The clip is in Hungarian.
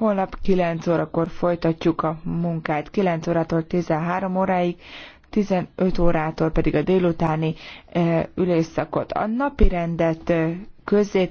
Holnap 9 órakor folytatjuk a munkát, 9 órától 13 óráig, 15 órától pedig a délutáni eh, ülésszakot. A napi rendet eh, közzé